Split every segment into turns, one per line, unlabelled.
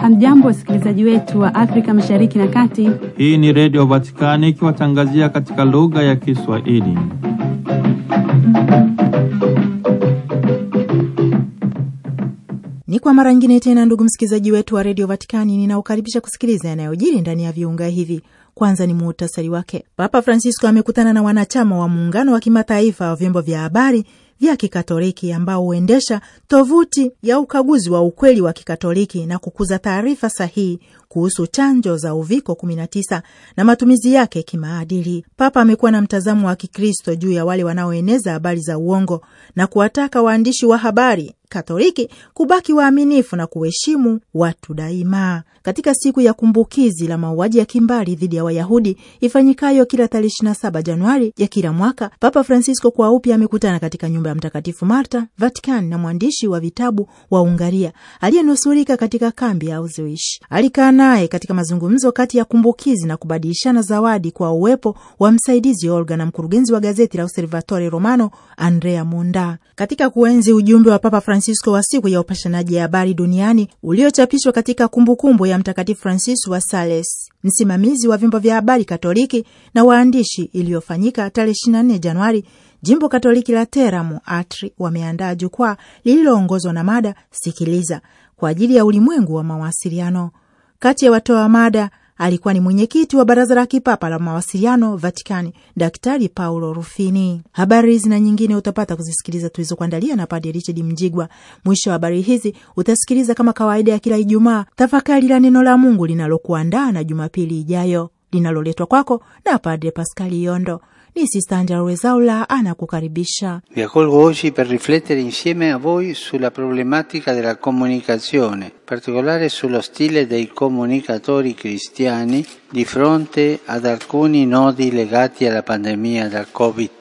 Hamjambo, wasikilizaji wetu wa Afrika Mashariki na Kati.
Hii ni Redio Vatikani ikiwatangazia katika lugha ya Kiswahili.
Ni kwa mara nyingine tena, ndugu msikilizaji wetu wa Redio Vatikani, ninaokaribisha kusikiliza yanayojiri ndani ya viunga hivi. Kwanza ni muhtasari wake. Papa Francisco amekutana na wanachama wa muungano wa kimataifa wa vyombo vya habari vya Kikatoliki ambao huendesha tovuti ya ukaguzi wa ukweli wa Kikatoliki na kukuza taarifa sahihi kuhusu chanjo za uviko 19 na matumizi yake kimaadili. Papa amekuwa na mtazamo wa Kikristo juu ya wale wanaoeneza habari za uongo na kuwataka waandishi wa habari Katoliki kubaki waaminifu na kuheshimu watu daima. Katika siku ya kumbukizi la mauaji ya kimbari dhidi ya Wayahudi ifanyikayo kila tarehe 27 Januari ya kila mwaka, Papa Francisco kwa upya amekutana katika nyumba nyumba ya Mtakatifu Marta Vatican na mwandishi wa vitabu wa Ungaria aliyenusurika katika kambi ya Auschwitz. Alikaa naye katika mazungumzo kati ya kumbukizi na kubadilishana zawadi kwa uwepo wa msaidizi Olga na mkurugenzi wa gazeti la Osservatore Romano Andrea Munda. Katika kuenzi ujumbe wa Papa Francisco wa siku ya upashanaji ya habari duniani uliochapishwa katika kumbukumbu ya Mtakatifu Francis wa Sales, msimamizi wa vyombo vya habari Katoliki na waandishi iliyofanyika tarehe 24 Januari Jimbo Katoliki la Teramu Atri wameandaa jukwaa lililoongozwa na mada sikiliza kwa ajili ya ulimwengu wa mawasiliano. Kati ya watoa mada alikuwa ni mwenyekiti wa baraza la kipapa la mawasiliano Vatikani, Daktari Paulo Rufini. Habari hizi na nyingine utapata kuzisikiliza tulizokuandalia na Padre Richard Mjigwa. Mwisho wa habari hizi utasikiliza kama kawaida ya kila Ijumaa tafakari la neno la Mungu linalokuandaa na Jumapili ijayo linaloletwa kwako na Padre Paskali Yondo. Ni Sista Angela Rwezaula anakukaribisha.
Vi accolgo oggi per riflettere insieme a voi sulla problematica della comunicazione, in particolare sullo stile dei comunicatori cristiani di fronte ad alcuni nodi legati alla pandemia da COVID-19.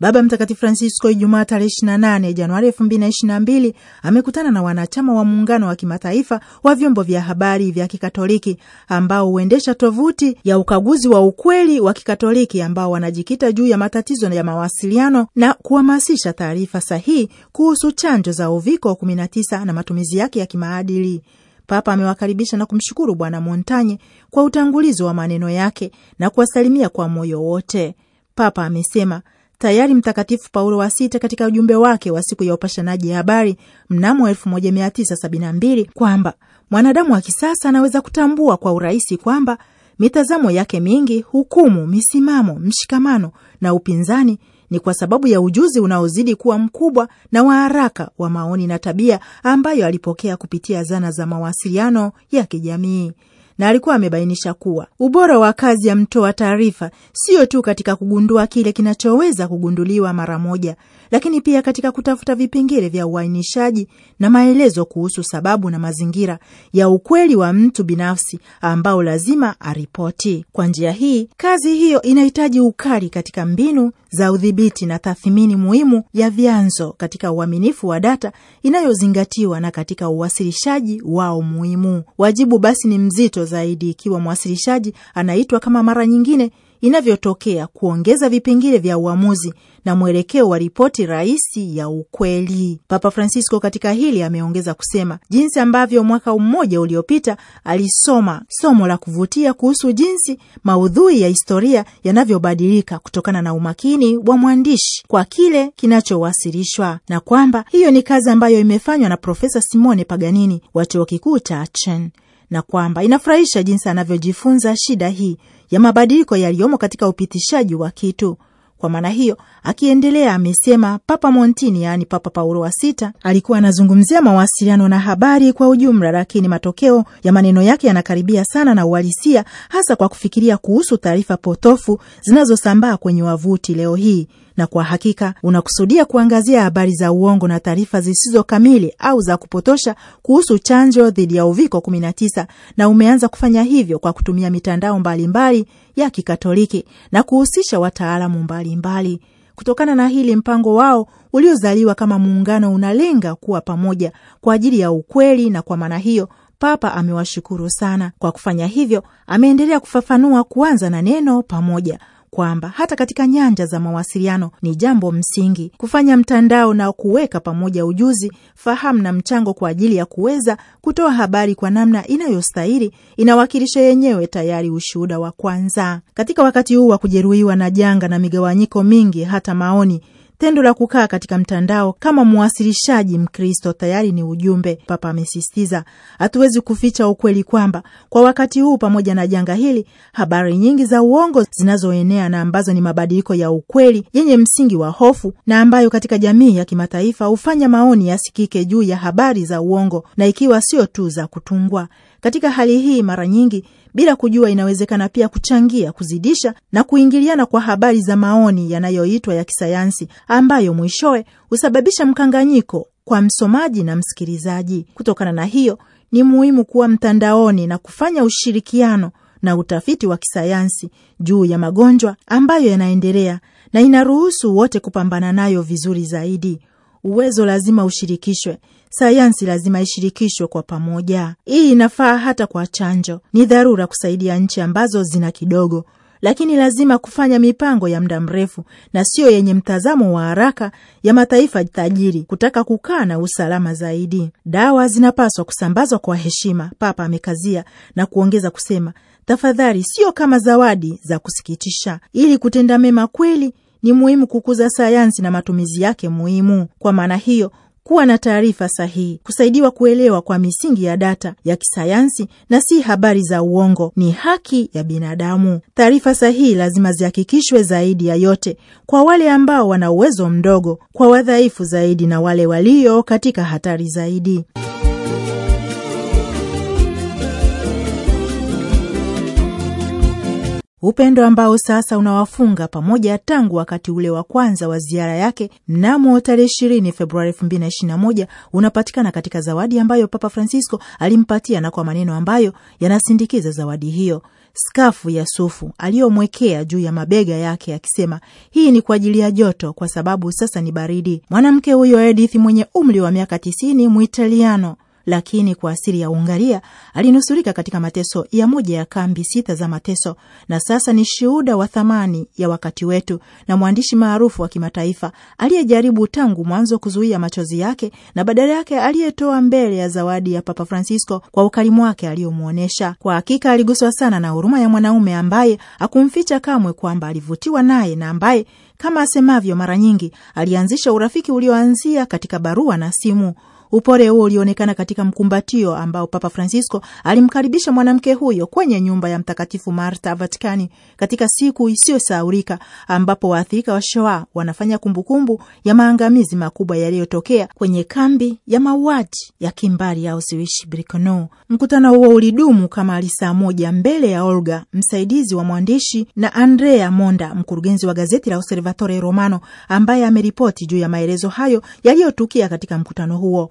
Baba Mtakatifu Francisco Ijumaa tarehe 28 Januari 2022 amekutana na wanachama wa muungano wa kimataifa wa vyombo vya habari vya Kikatoliki ambao huendesha tovuti ya ukaguzi wa ukweli wa Kikatoliki ambao wanaji kujikita juu ya matatizo ya mawasiliano na kuhamasisha taarifa sahihi kuhusu chanjo za uviko 19 na matumizi yake ya kimaadili. Papa amewakaribisha na kumshukuru Bwana Montanye kwa utangulizi wa maneno yake na kuwasalimia kwa moyo wote. Papa amesema tayari Mtakatifu Paulo wa Sita katika ujumbe wake wa siku ya upashanaji habari mnamo 1972 kwamba mwanadamu wa kisasa anaweza kutambua kwa urahisi kwamba Mitazamo yake mingi, hukumu, misimamo, mshikamano na upinzani ni kwa sababu ya ujuzi unaozidi kuwa mkubwa na wa haraka wa maoni na tabia ambayo alipokea kupitia zana za mawasiliano ya kijamii na alikuwa amebainisha kuwa ubora wa kazi ya mtoa taarifa sio tu katika kugundua kile kinachoweza kugunduliwa mara moja, lakini pia katika kutafuta vipengele vya uainishaji na maelezo kuhusu sababu na mazingira ya ukweli wa mtu binafsi ambao lazima aripoti. Kwa njia hii, kazi hiyo inahitaji ukali katika mbinu za udhibiti na tathmini muhimu ya vyanzo katika uaminifu wa data inayozingatiwa na katika uwasilishaji wao muhimu. Wajibu basi ni mzito zaidi ikiwa mwasilishaji anaitwa kama mara nyingine inavyotokea kuongeza vipengele vya uamuzi na mwelekeo wa ripoti rahisi ya ukweli. Papa Francisco katika hili ameongeza kusema jinsi ambavyo mwaka mmoja uliopita alisoma somo la kuvutia kuhusu jinsi maudhui ya historia yanavyobadilika kutokana na umakini wa mwandishi kwa kile kinachowasilishwa na kwamba hiyo ni kazi ambayo imefanywa na Profesa Simone Paganini wa chuo kikuu cha Aachen na kwamba inafurahisha jinsi anavyojifunza shida hii ya mabadiliko yaliyomo katika upitishaji wa kitu. Kwa maana hiyo, akiendelea amesema Papa Montini, yaani Papa Paulo wa sita, alikuwa anazungumzia mawasiliano na habari kwa ujumla, lakini matokeo ya maneno yake yanakaribia sana na uhalisia, hasa kwa kufikiria kuhusu taarifa potofu zinazosambaa kwenye wavuti leo hii na kwa hakika unakusudia kuangazia habari za uongo na taarifa zisizo kamili au za kupotosha kuhusu chanjo dhidi ya uviko 19 na umeanza kufanya hivyo kwa kutumia mitandao mbalimbali mbali ya Kikatoliki na kuhusisha wataalamu mbalimbali. Kutokana na hili, mpango wao uliozaliwa kama muungano unalenga kuwa pamoja kwa ajili ya ukweli, na kwa maana hiyo Papa amewashukuru sana kwa kufanya hivyo. Ameendelea kufafanua kuanza na neno pamoja kwamba hata katika nyanja za mawasiliano ni jambo msingi kufanya mtandao na kuweka pamoja ujuzi, fahamu na mchango kwa ajili ya kuweza kutoa habari kwa namna inayostahili, inawakilisha yenyewe tayari ushuhuda wa kwanza katika wakati huu wa kujeruhiwa na janga na migawanyiko mingi, hata maoni Tendo la kukaa katika mtandao kama mwasilishaji Mkristo tayari ni ujumbe. Papa amesisitiza, hatuwezi kuficha ukweli kwamba kwa wakati huu, pamoja na janga hili, habari nyingi za uongo zinazoenea na ambazo ni mabadiliko ya ukweli yenye msingi wa hofu na ambayo katika jamii ya kimataifa hufanya maoni yasikike juu ya habari za uongo na ikiwa sio tu za kutungwa. Katika hali hii, mara nyingi bila kujua inawezekana pia kuchangia kuzidisha na kuingiliana kwa habari za maoni yanayoitwa ya kisayansi ambayo mwishowe husababisha mkanganyiko kwa msomaji na msikilizaji. Kutokana na hiyo, ni muhimu kuwa mtandaoni na kufanya ushirikiano na utafiti wa kisayansi juu ya magonjwa ambayo yanaendelea na inaruhusu wote kupambana nayo vizuri zaidi. Uwezo lazima ushirikishwe sayansi lazima ishirikishwe kwa pamoja. Hii inafaa hata kwa chanjo. Ni dharura kusaidia nchi ambazo zina kidogo, lakini lazima kufanya mipango ya muda mrefu na siyo yenye mtazamo wa haraka ya mataifa tajiri kutaka kukaa na usalama zaidi. Dawa zinapaswa kusambazwa kwa heshima, Papa amekazia na kuongeza kusema, tafadhali, sio kama zawadi za kusikitisha. Ili kutenda mema kweli, ni muhimu kukuza sayansi na matumizi yake muhimu. Kwa maana hiyo kuwa na taarifa sahihi, kusaidiwa kuelewa kwa misingi ya data ya kisayansi na si habari za uongo, ni haki ya binadamu. Taarifa sahihi lazima zihakikishwe zaidi ya yote, kwa wale ambao wana uwezo mdogo, kwa wadhaifu zaidi na wale walio katika hatari zaidi. upendo ambao sasa unawafunga pamoja tangu wakati ule wa kwanza wa ziara yake mnamo tarehe ishirini Februari elfu mbili na ishirini na moja unapatikana katika zawadi ambayo Papa Francisco alimpatia na kwa maneno ambayo yanasindikiza zawadi hiyo skafu ya sufu aliyomwekea juu ya mabega yake akisema, hii ni kwa ajili ya joto, kwa sababu sasa ni baridi. Mwanamke huyo Edith mwenye umri wa miaka tisini Mwitaliano lakini kwa asili ya Ungaria alinusurika katika mateso ya moja ya kambi sita za mateso, na sasa ni shuhuda wa thamani ya wakati wetu na mwandishi maarufu wa kimataifa aliyejaribu tangu mwanzo kuzuia machozi yake na badala yake aliyetoa mbele ya zawadi ya Papa Francisco kwa ukarimu wake aliyomwonyesha. Kwa hakika aliguswa sana na huruma ya mwanaume ambaye hakumficha kamwe kwamba alivutiwa naye na ambaye kama asemavyo mara nyingi alianzisha urafiki ulioanzia katika barua na simu. Upole huo ulionekana katika mkumbatio ambao Papa Francisco alimkaribisha mwanamke huyo kwenye nyumba ya Mtakatifu Marta vaticani katika siku isiyosaurika ambapo waathirika wa Shoa wanafanya kumbukumbu kumbu ya maangamizi makubwa yaliyotokea kwenye kambi ya mauaji ya kimbari ya Auschwitz Birkenau. Mkutano huo ulidumu kama saa moja mbele ya Olga, msaidizi wa mwandishi, na Andrea Monda, mkurugenzi wa gazeti la Osservatore Romano, ambaye ameripoti juu ya maelezo hayo yaliyotukia katika mkutano huo.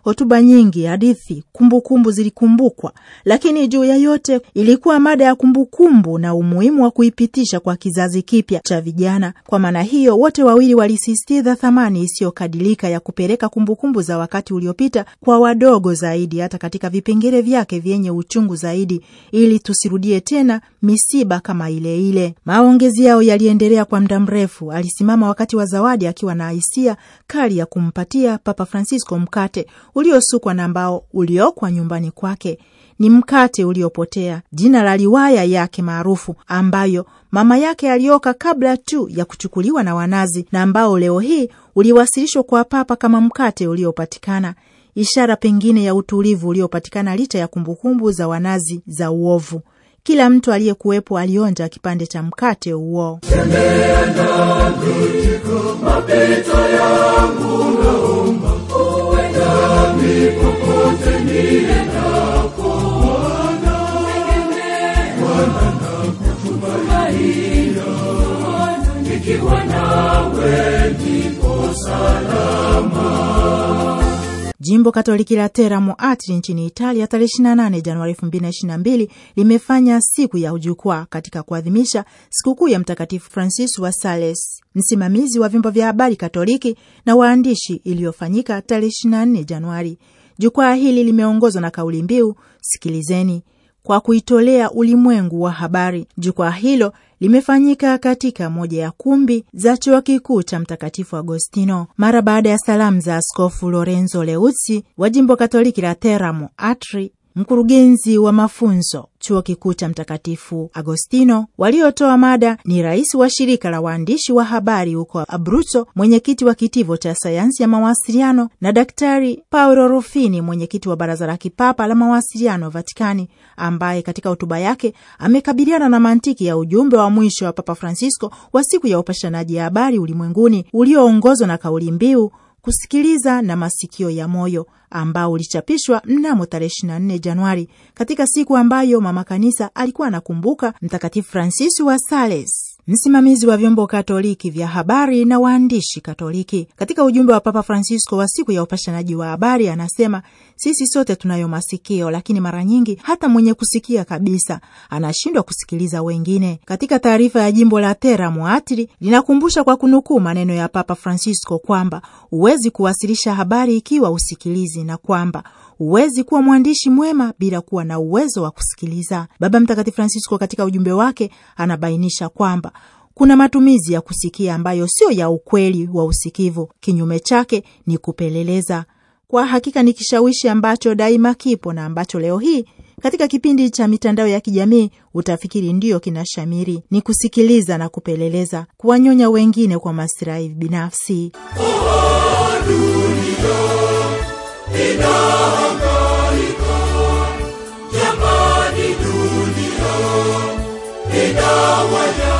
Hotuba nyingi, hadithi, kumbukumbu zilikumbukwa, lakini juu ya yote ilikuwa mada ya kumbukumbu kumbu na umuhimu wa kuipitisha kwa kizazi kipya cha vijana. Kwa maana hiyo, wote wawili walisisitiza thamani isiyokadilika ya kupeleka kumbukumbu kumbu za wakati uliopita kwa wadogo zaidi, hata katika vipengele vyake vyenye uchungu zaidi, ili tusirudie tena misiba kama ile ile. Maongezi yao yaliendelea kwa muda mrefu. Alisimama wakati wa zawadi akiwa na hisia kali ya kumpatia Papa Francisco mkate uliosukwa na mbao uliokwa nyumbani kwake. Ni mkate uliopotea, jina la riwaya yake maarufu ambayo mama yake alioka kabla tu ya kuchukuliwa na wanazi, na ambao leo hii uliwasilishwa kwa Papa kama mkate uliopatikana, ishara pengine ya utulivu uliopatikana licha ya kumbukumbu za wanazi za uovu. Kila mtu aliyekuwepo alionja kipande cha mkate huo. Tembea
na mapito yangu naomba nami popote niendako nikiwa nawe ndipo salama.
Jimbo Katoliki la Teramo Atri nchini Italia tarehe 28 Januari 2022 limefanya siku ya ujukwaa katika kuadhimisha sikukuu ya Mtakatifu Francis wa Sales, msimamizi wa vyombo vya habari Katoliki na waandishi, iliyofanyika tarehe 24 Januari. Jukwaa hili limeongozwa na kauli mbiu sikilizeni kwa kuitolea ulimwengu wa habari. Jukwaa hilo limefanyika katika moja ya kumbi za chuo kikuu cha Mtakatifu Agostino mara baada ya salamu za Askofu Lorenzo Leusi wa jimbo Katoliki la Teramo Atri mkurugenzi wa mafunzo chuo kikuu cha Mtakatifu Agostino. Waliotoa mada ni rais wa shirika la waandishi wa habari huko Abruzzo, mwenyekiti wa kitivo cha sayansi ya mawasiliano, na Daktari Paolo Rufini, mwenyekiti wa baraza la kipapa la mawasiliano Vatikani, ambaye katika hotuba yake amekabiliana na mantiki ya ujumbe wa mwisho wa Papa Francisco wa siku ya upashanaji ya habari ulimwenguni ulioongozwa na kauli mbiu kusikiliza na masikio ya moyo ambao ulichapishwa mnamo tarehe 24 Januari, katika siku ambayo mama kanisa alikuwa anakumbuka Mtakatifu Fransisi wa Sales msimamizi wa vyombo katoliki vya habari na waandishi katoliki. Katika ujumbe wa Papa Francisco wa siku ya upashanaji wa habari, anasema sisi sote tunayo masikio, lakini mara nyingi hata mwenye kusikia kabisa anashindwa kusikiliza wengine. Katika taarifa ya jimbo la Terra Muatri linakumbusha kwa kunukuu maneno ya Papa Francisco kwamba huwezi kuwasilisha habari ikiwa usikilizi, na kwamba Huwezi kuwa mwandishi mwema bila kuwa na uwezo wa kusikiliza. Baba Mtakatifu Francisco katika ujumbe wake anabainisha kwamba kuna matumizi ya kusikia ambayo sio ya ukweli wa usikivu, kinyume chake ni kupeleleza. Kwa hakika ni kishawishi ambacho daima kipo na ambacho leo hii katika kipindi cha mitandao ya kijamii utafikiri ndiyo kinashamiri, ni kusikiliza na kupeleleza, kuwanyonya wengine kwa masirahi binafsi
inahangaika jamani dunia inawaya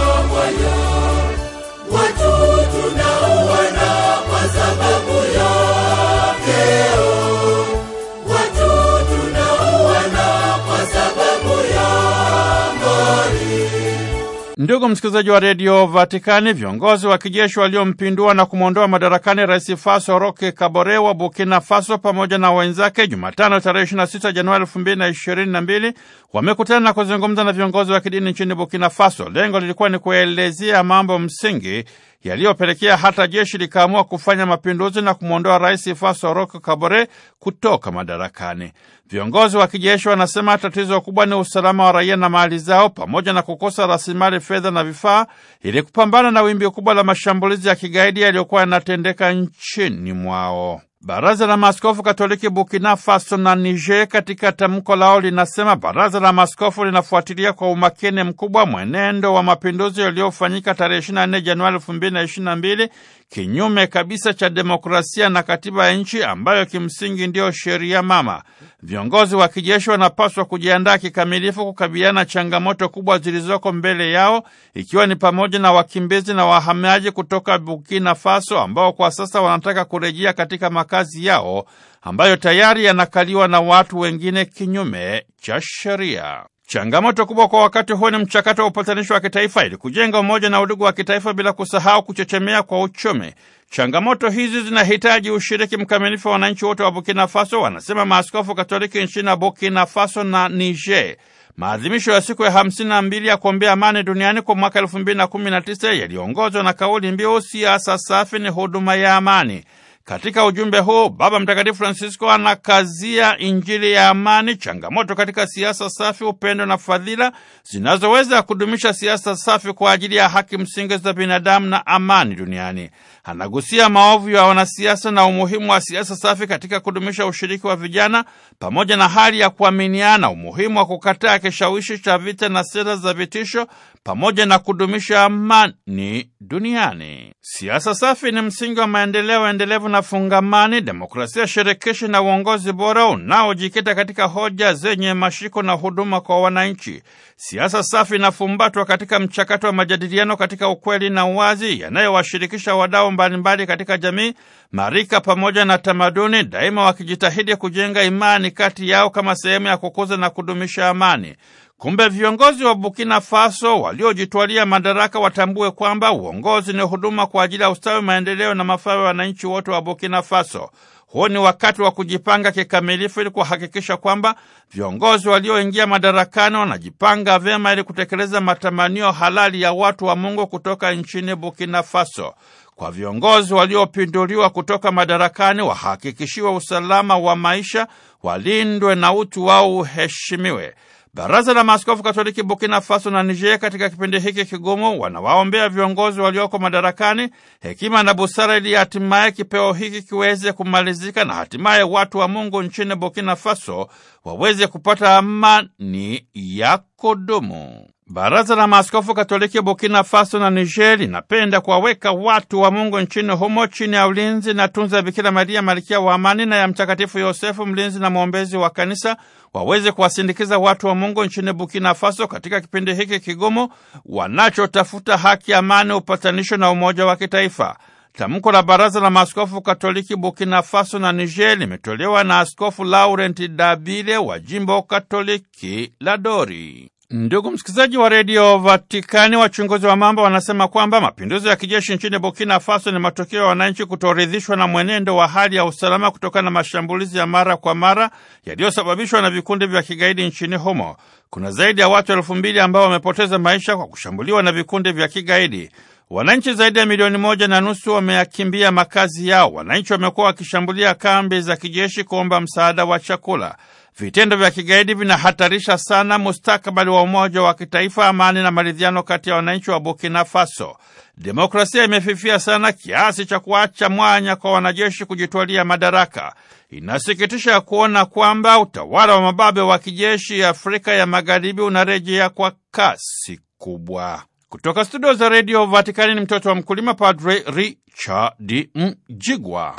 Ndugu msikilizaji wa redio Vatikani, viongozi wa kijeshi waliompindua na kumwondoa madarakani Rais Faso roke Kabore wa Burkina Faso pamoja na wenzake Jumatano tarehe 26 Januari 2022 wamekutana na kuzungumza na viongozi wa kidini nchini Burkina Faso. Lengo lilikuwa ni kuelezea mambo msingi yaliyopelekea hata jeshi likaamua kufanya mapinduzi na kumwondoa rais faso rok Kabore kutoka madarakani. Viongozi wa kijeshi wanasema tatizo kubwa ni usalama wa raia na mali zao, pamoja na kukosa rasilimali fedha na vifaa ili kupambana na wimbi kubwa la mashambulizi ya kigaidi yaliyokuwa yanatendeka nchini mwao. Baraza la Maaskofu Katoliki Burkina Faso na Niger katika tamko lao linasema baraza la maaskofu linafuatilia kwa umakini mkubwa mwenendo wa mapinduzi yaliyofanyika tarehe 24 Januari 2022 kinyume kabisa cha demokrasia na katiba ya nchi ambayo kimsingi ndiyo sheria mama. Viongozi wa kijeshi wanapaswa kujiandaa kikamilifu kukabiliana changamoto kubwa zilizoko mbele yao ikiwa ni pamoja na wakimbizi na wahamiaji kutoka Burkina Faso ambao kwa sasa wanataka kurejea katika makazi yao ambayo tayari yanakaliwa na watu wengine kinyume cha sheria. Changamoto kubwa kwa wakati huo ni mchakato wa upatanishi wa kitaifa ili kujenga umoja na udugu wa kitaifa bila kusahau kuchechemea kwa uchumi. Changamoto hizi zinahitaji ushiriki mkamilifu wa wananchi wote wa Burkina Faso, wanasema maaskofu Katoliki nchini ya Burkina Faso na Niger. Maadhimisho ya siku ya 52 ya kuombea amani duniani kwa mwaka 2019 yaliongozwa na kauli mbiu siasa safi ni huduma ya amani. Katika ujumbe huu Baba Mtakatifu Francisco anakazia Injili ya amani, changamoto katika siasa safi, upendo na fadhila zinazoweza kudumisha siasa safi kwa ajili ya haki msingi za binadamu na amani duniani. Anagusia maovu ya wanasiasa na umuhimu wa siasa safi katika kudumisha ushiriki wa vijana pamoja na hali ya kuaminiana, umuhimu wa kukataa kishawishi cha vita na sera za vitisho pamoja na kudumisha amani duniani. Siasa safi ni msingi wa maendeleo endelevu na fungamani, demokrasia shirikishi na uongozi bora unaojikita katika hoja zenye mashiko na huduma kwa wananchi. Siasa safi inafumbatwa katika mchakato wa majadiliano katika ukweli na uwazi yanayowashirikisha wadau madhehebu mbalimbali katika jamii, marika pamoja na tamaduni, daima wakijitahidi kujenga imani kati yao kama sehemu ya kukuza na kudumisha amani. Kumbe viongozi wa Burkina Faso waliojitwalia madaraka watambue kwamba uongozi ni huduma kwa ajili ya ustawi, maendeleo na mafao ya wananchi wote wa Burkina Faso. Huu ni wakati wa kujipanga kikamilifu ili kuhakikisha kwamba viongozi walioingia madarakani wanajipanga vyema ili kutekeleza matamanio halali ya watu wa Mungu kutoka nchini Burkina Faso kwa viongozi waliopinduliwa kutoka madarakani wahakikishiwe usalama wa maisha, walindwe na utu wao uheshimiwe. Baraza la Maaskofu Katoliki Burkina Faso na Niger katika kipindi hiki kigumu wanawaombea viongozi walioko madarakani hekima na busara ili hatimaye kipeo hiki kiweze kumalizika na hatimaye watu wa Mungu nchini Burkina Faso waweze kupata amani ya kudumu. Baraza la Maaskofu Katoliki Burkina Faso na Niger linapenda kuwaweka watu wa Mungu nchini humo chini ya ulinzi na tunza ya Bikira Maria Malkia wa Amani na ya Mtakatifu Yosefu, mlinzi na mwombezi wa Kanisa, waweze kuwasindikiza watu wa Mungu nchini Burkina Faso katika kipindi hiki kigumu wanachotafuta haki, amani, upatanisho na umoja wa kitaifa. Tamko la Baraza la Maaskofu Katoliki Burkina Faso na Niger limetolewa na Askofu Laurent Dabire wa jimbo Katoliki la Dori. Ndugu msikilizaji wa redio Vatikani, wachunguzi wa mambo wanasema kwamba mapinduzi ya kijeshi nchini Burkina Faso ni matokeo ya wananchi kutoridhishwa na mwenendo wa hali ya usalama kutokana na mashambulizi ya mara kwa mara yaliyosababishwa na vikundi vya kigaidi nchini humo. Kuna zaidi ya watu elfu mbili ambao wamepoteza maisha kwa kushambuliwa na vikundi vya kigaidi. Wananchi zaidi ya milioni moja na nusu wameyakimbia makazi yao. Wananchi wamekuwa wakishambulia kambi za kijeshi kuomba msaada wa chakula. Vitendo vya kigaidi vinahatarisha sana mustakabali wa umoja wa kitaifa, amani na maridhiano kati ya wananchi wa Burkina Faso. Demokrasia imefifia sana kiasi cha kuacha mwanya kwa wanajeshi kujitwalia madaraka. Inasikitisha kuona kwamba utawala wa mababe wa kijeshi ya Afrika ya Magharibi unarejea kwa kasi kubwa. Kutoka studio za redio Vatikani ni mtoto wa mkulima, Padre Richard Mjigwa.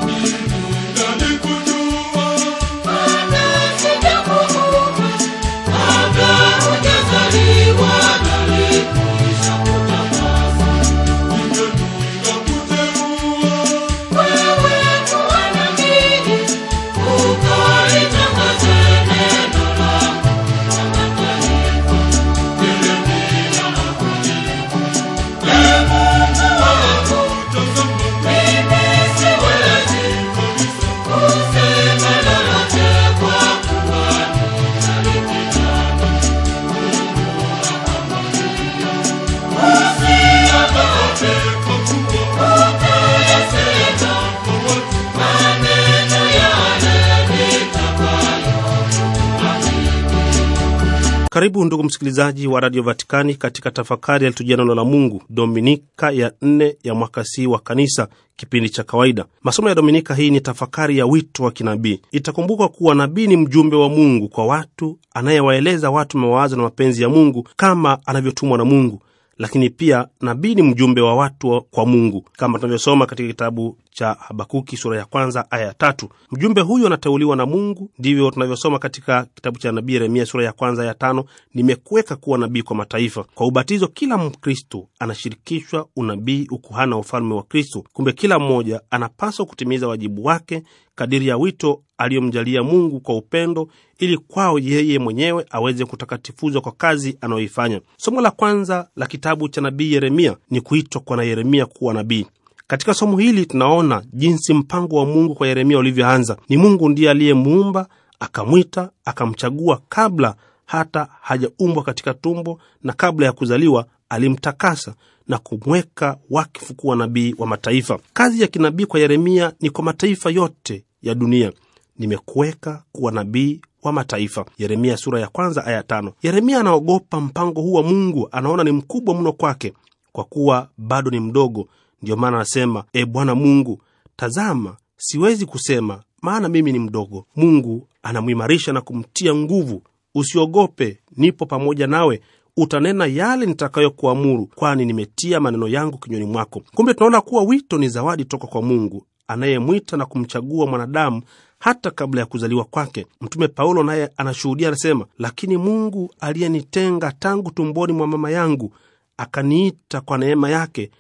msikilizaji wa Radio Vatikani katika tafakari yalitujia neno la Mungu, Dominika ya nne ya mwaka si wa kanisa, kipindi cha kawaida. Masomo ya Dominika hii ni tafakari ya wito wa kinabii. Itakumbukwa kuwa nabii ni mjumbe wa Mungu kwa watu, anayewaeleza watu mawazo na mapenzi ya Mungu kama anavyotumwa na Mungu lakini pia nabii ni mjumbe wa watu kwa Mungu kama tunavyosoma katika kitabu cha Habakuki sura ya kwanza aya ya tatu. Mjumbe huyu anateuliwa na Mungu, ndivyo tunavyosoma katika kitabu cha nabii Yeremia sura ya kwanza ya tano, nimekuweka kuwa nabii kwa mataifa. Kwa ubatizo, kila Mkristo anashirikishwa unabii, ukuhana wa ufalme wa Kristo. Kumbe kila mmoja anapaswa kutimiza wajibu wake kadiri ya wito aliyomjalia Mungu kwa upendo, ili kwao yeye mwenyewe aweze kutakatifuzwa kwa kazi anayoifanya. Somo la kwanza la kitabu cha nabii Yeremia ni kuitwa kwa na Yeremia kuwa nabii. Katika somo hili tunaona jinsi mpango wa Mungu kwa Yeremia ulivyoanza. Ni Mungu ndiye aliyemuumba, akamwita, akamchagua kabla hata hajaumbwa katika tumbo, na kabla ya kuzaliwa alimtakasa na kumweka wakfu kuwa nabii wa mataifa. Kazi ya kinabii kwa Yeremia ni kwa mataifa yote ya dunia. Nimekuweka kuwa nabii wa mataifa. Yeremia sura ya kwanza aya tano. Yeremia anaogopa mpango huu wa Mungu, anaona ni mkubwa mno kwake, kwa kuwa bado ni mdogo Ndiyo maana anasema e Bwana Mungu, tazama, siwezi kusema, maana mimi ni mdogo. Mungu anamwimarisha na kumtia nguvu. Usiogope, nipo pamoja nawe, utanena yale nitakayokuamuru, kwani nimetia maneno yangu kinywani mwako. Kumbe tunaona kuwa wito ni zawadi toka kwa Mungu anayemwita na kumchagua mwanadamu hata kabla ya kuzaliwa kwake. Mtume Paulo naye anashuhudia, anasema, lakini Mungu aliyenitenga tangu tumboni mwa mama yangu, akaniita kwa neema yake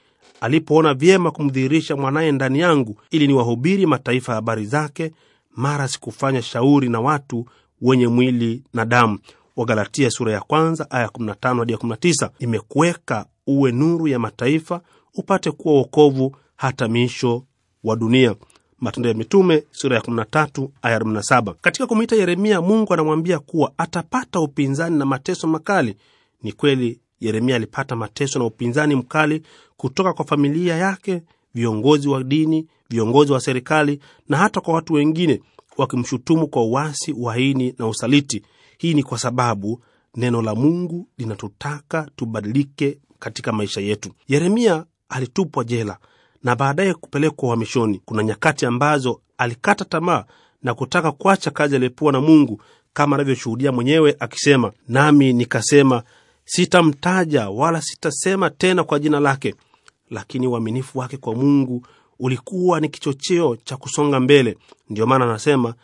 alipoona vyema kumdhihirisha mwanaye ndani yangu, ili niwahubiri mataifa ya habari zake, mara sikufanya shauri na watu wenye mwili na damu. Wagalatia sura ya kwanza aya 15 hadi 19. Imekuweka uwe nuru ya mataifa, upate kuwa wokovu hata miisho wa dunia. Matendo ya Mitume sura ya 13 aya 47. Katika kumwita Yeremia, Mungu anamwambia kuwa atapata upinzani na mateso makali. Ni kweli Yeremia alipata mateso na upinzani mkali kutoka kwa familia yake, viongozi wa dini, viongozi wa serikali na hata kwa watu wengine, wakimshutumu kwa uasi, uhaini na usaliti. Hii ni kwa sababu neno la Mungu linatutaka tubadilike katika maisha yetu. Yeremia alitupwa jela na baadaye kupelekwa uhamishoni. Kuna nyakati ambazo alikata tamaa na kutaka kuacha kazi aliyopewa na Mungu, kama anavyoshuhudia mwenyewe akisema, nami nikasema sitamtaja wala sitasema tena kwa jina lake, lakini uaminifu wake kwa Mungu ulikuwa ni kichocheo cha kusonga mbele. Ndiyo maana anasema,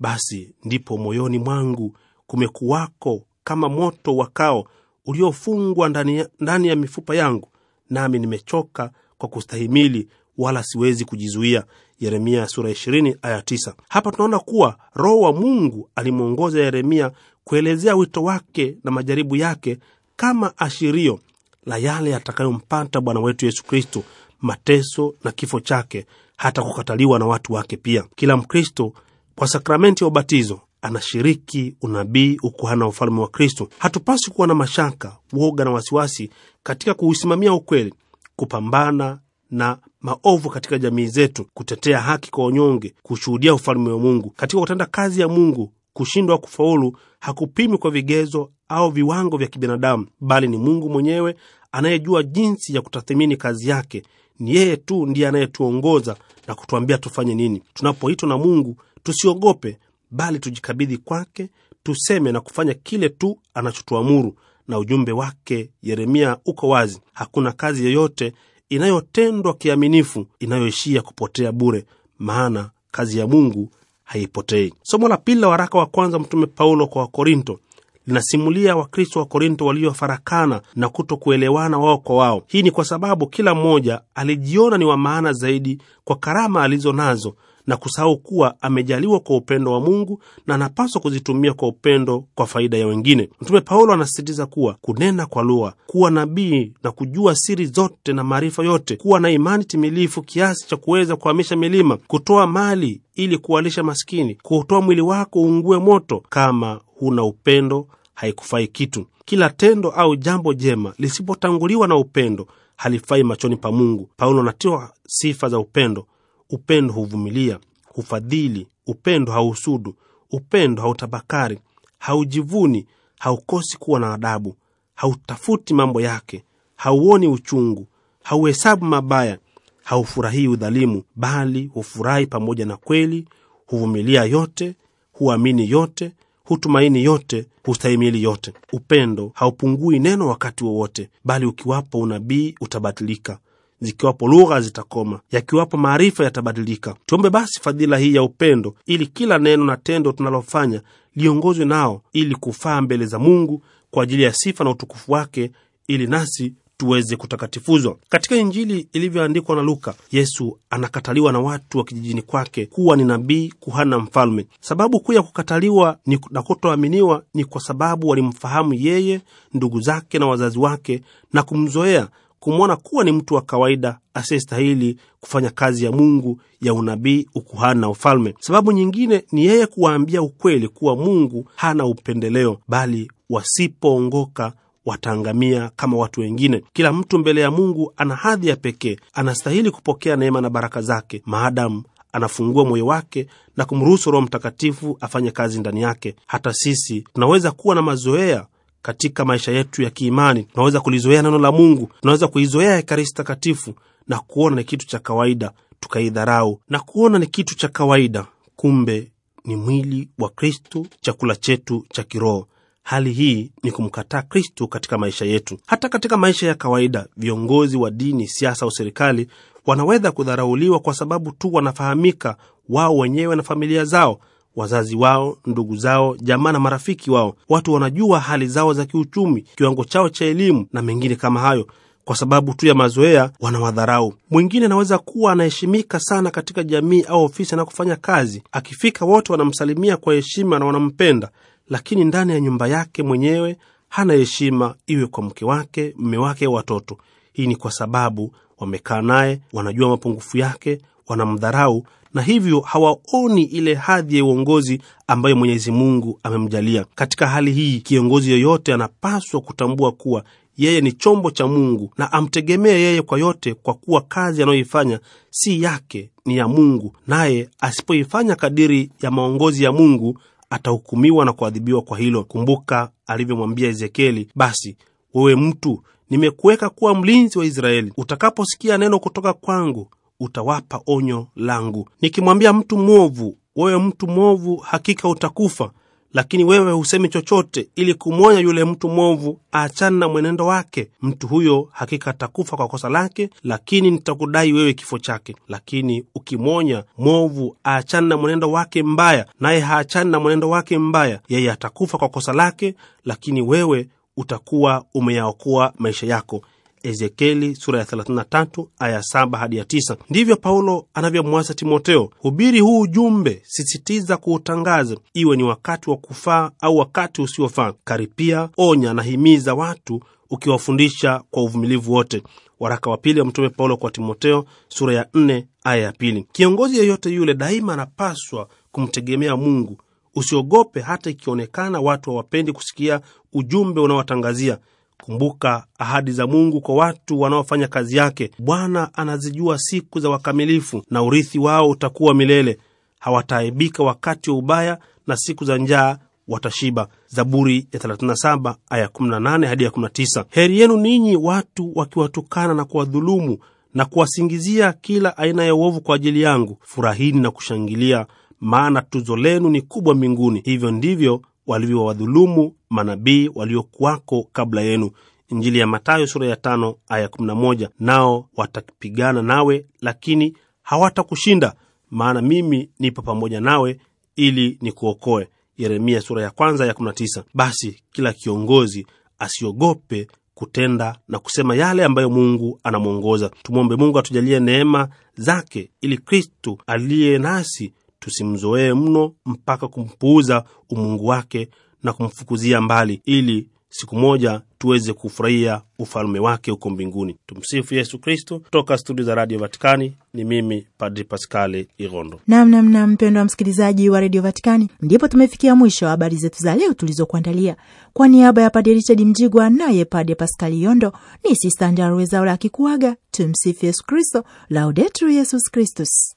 basi ndipo moyoni mwangu kumekuwako kama moto wakao uliofungwa ndani, ndani ya mifupa yangu, nami nimechoka kwa kustahimili, wala siwezi kujizuia. Yeremia sura 20 aya 9. Hapa tunaona kuwa Roho wa Mungu alimwongoza Yeremia kuelezea wito wake na majaribu yake kama ashirio la yale yatakayompata Bwana wetu Yesu Kristo, mateso na kifo chake, hata kukataliwa na watu wake. Pia kila Mkristo kwa sakramenti ya ubatizo anashiriki unabii, ukuhana wa ufalme wa Kristo. Hatupaswi kuwa na mashaka, woga na wasiwasi katika kuusimamia ukweli, kupambana na maovu katika jamii zetu, kutetea haki kwa wanyonge, kushuhudia ufalme wa Mungu katika kutenda kazi ya Mungu. Kushindwa kufaulu hakupimi kwa vigezo au viwango vya kibinadamu, bali ni Mungu mwenyewe anayejua jinsi ya kutathimini kazi yake. Ni yeye tu ndiye anayetuongoza na kutuambia tufanye nini. Tunapoitwa na Mungu tusiogope, bali tujikabidhi kwake, tuseme na kufanya kile tu anachotuamuru. Na ujumbe wake Yeremia uko wazi: hakuna kazi yoyote inayotendwa kiaminifu inayoishia kupotea bure, maana kazi ya Mungu haipotei. Somo la pili la waraka wa kwanza Mtume Paulo kwa Wakorinto linasimulia Wakristo wa Korinto waliofarakana na kutokuelewana wao kwa wao. Hii ni kwa sababu kila mmoja alijiona ni wa maana zaidi kwa karama alizo nazo na kusahau kuwa amejaliwa kwa upendo wa Mungu na anapaswa kuzitumia kwa upendo kwa faida ya wengine. Mtume Paulo anasisitiza kuwa kunena kwa lugha, kuwa nabii na kujua siri zote na maarifa yote, kuwa na imani timilifu kiasi cha kuweza kuhamisha milima, kutoa mali ili kuwalisha maskini, kutoa mwili wako uungue moto kama hakuna upendo haikufai kitu. Kila tendo au jambo jema lisipotanguliwa na upendo halifai machoni pa Mungu. Paulo anatoa sifa za upendo. Upendo huvumilia, hufadhili, upendo hausudu upendo hautabakari, haujivuni, haukosi kuwa na adabu, hautafuti mambo yake, hauoni uchungu, hauhesabu mabaya, haufurahii udhalimu, bali hufurahi pamoja na kweli, huvumilia yote, huamini yote, hutumaini yote, hustahimili yote. Upendo haupungui neno wakati wowote, bali ukiwapo unabii utabatilika, zikiwapo lugha zitakoma, yakiwapo maarifa yatabadilika. Tuombe basi fadhila hii ya upendo, ili kila neno na tendo tunalofanya liongozwe nao, ili kufaa mbele za Mungu kwa ajili ya sifa na utukufu wake, ili nasi tuweze kutakatifuzwa. Katika Injili ilivyoandikwa na Luka, Yesu anakataliwa na watu wa kijijini kwake kuwa ni nabii, kuhana, mfalme. Sababu kuu ya kukataliwa ni na kutoaminiwa ni kwa sababu walimfahamu yeye, ndugu zake na wazazi wake, na kumzoea kumwona kuwa ni mtu wa kawaida asiyestahili kufanya kazi ya Mungu ya unabii, ukuhani na ufalme. Sababu nyingine ni yeye kuwaambia ukweli kuwa Mungu hana upendeleo, bali wasipoongoka wataangamia kama watu wengine. Kila mtu mbele ya Mungu ana hadhi ya pekee, anastahili kupokea neema na baraka zake maadamu anafungua moyo wake na kumruhusu Roho Mtakatifu afanye kazi ndani yake. Hata sisi tunaweza kuwa na mazoea katika maisha yetu ya kiimani, tunaweza kulizoea neno la Mungu, tunaweza kuizoea Ekaristi Takatifu na kuona ni kitu cha kawaida, tukaidharau na kuona ni kitu cha kawaida. Kumbe ni mwili wa Kristo, chakula chetu cha kiroho. Hali hii ni kumkataa Kristu katika maisha yetu. Hata katika maisha ya kawaida, viongozi wa dini, siasa au serikali wanaweza kudharauliwa kwa sababu tu wanafahamika wao wenyewe na familia zao, wazazi wao, ndugu zao, jamaa na marafiki wao. Watu wanajua hali zao za kiuchumi, kiwango chao cha elimu na mengine kama hayo. Kwa sababu tu ya mazoea wanawadharau. Mwingine anaweza kuwa anaheshimika sana katika jamii au ofisi anakofanya kazi, akifika wote wanamsalimia kwa heshima na wanampenda, lakini ndani ya nyumba yake mwenyewe hana heshima, iwe kwa mke wake, mme wake, watoto. Hii ni kwa sababu wamekaa naye, wanajua mapungufu yake, wanamdharau na hivyo hawaoni ile hadhi ya uongozi ambayo Mwenyezi Mungu amemjalia. Katika hali hii, kiongozi yoyote anapaswa kutambua kuwa yeye ni chombo cha Mungu na amtegemee yeye kwa yote, kwa kuwa kazi anayoifanya si yake, ni ya Mungu, naye asipoifanya kadiri ya maongozi ya Mungu atahukumiwa na kuadhibiwa kwa hilo. Kumbuka alivyomwambia Ezekieli, basi wewe mtu, nimekuweka kuwa mlinzi wa Israeli, utakaposikia neno kutoka kwangu utawapa onyo langu, nikimwambia mtu mwovu, wewe mtu mwovu, hakika utakufa, lakini wewe husemi chochote ili kumwonya yule mtu mwovu aachane na mwenendo wake. Mtu huyo hakika atakufa kwa kosa lake, lakini nitakudai wewe kifo chake. Lakini ukimwonya mwovu aachane na mwenendo wake mbaya, naye haachane na mwenendo wake mbaya, yeye atakufa kwa kosa lake, lakini wewe utakuwa umeyaokoa maisha yako. Ezekieli sura ya 33 aya 7 hadi ya 9. Ndivyo Paulo anavyomwasa Timoteo, hubiri huu ujumbe, sisitiza kuutangaza, iwe ni wakati wa kufaa au wakati usiofaa. Karipia, onya na himiza watu ukiwafundisha kwa uvumilivu wote. Waraka wa pili wa Mtume Paulo kwa Timoteo sura ya 4 aya ya pili. Kiongozi yeyote yule daima anapaswa kumtegemea Mungu. Usiogope hata ikionekana watu hawapendi kusikia ujumbe unaowatangazia. Kumbuka ahadi za Mungu kwa watu wanaofanya kazi yake. Bwana anazijua siku za wakamilifu, na urithi wao utakuwa milele. Hawataaibika wakati wa ubaya, na siku za njaa watashiba. Zaburi ya 37 aya 18 hadi 19. Heri yenu ninyi watu wakiwatukana na kuwadhulumu na kuwasingizia kila aina ya uovu kwa ajili yangu. Furahini na kushangilia, maana tuzo lenu ni kubwa mbinguni. Hivyo ndivyo walivyowadhulumu manabii waliokuwako kabla yenu. Injili ya matayo sura ya tano aya kumi na moja. Nao watapigana nawe, lakini hawatakushinda, maana mimi nipo pamoja nawe ili nikuokoe. Yeremia sura ya kwanza ya kumi na tisa. Basi kila kiongozi asiogope kutenda na kusema yale ambayo Mungu anamwongoza. Tumwombe Mungu atujalie neema zake ili Kristu aliye nasi tusimzoee mno mpaka kumpuuza umungu wake na kumfukuzia mbali, ili siku moja tuweze kufurahia ufalme wake huko mbinguni. Tumsifu Yesu Kristo. Toka studio za Radio Vatikani ni mimi Padri Paskali Irondo.
Namnamna mpendo wa msikilizaji wa Radio Vatikani, ndipo tumefikia mwisho wa habari zetu za leo tulizokuandalia. Kwa niaba ya padi Richard Mjigwa naye padi Paskali Yondo ni Sista Ndaruwezaula akikuaga. Tumsifu Yesu Kristo. laudetru Yesus Kristus.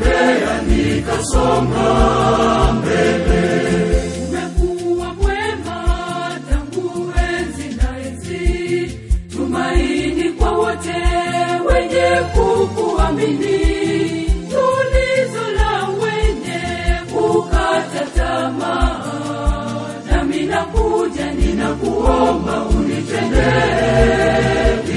nilitembea
nikasonga mbele. Umekuwa mwema tangu enzi na enzi, tumaini kwa wote wenye kukuamini. Tulizo la wenye kukata nami nakuja ninakuomba unitendee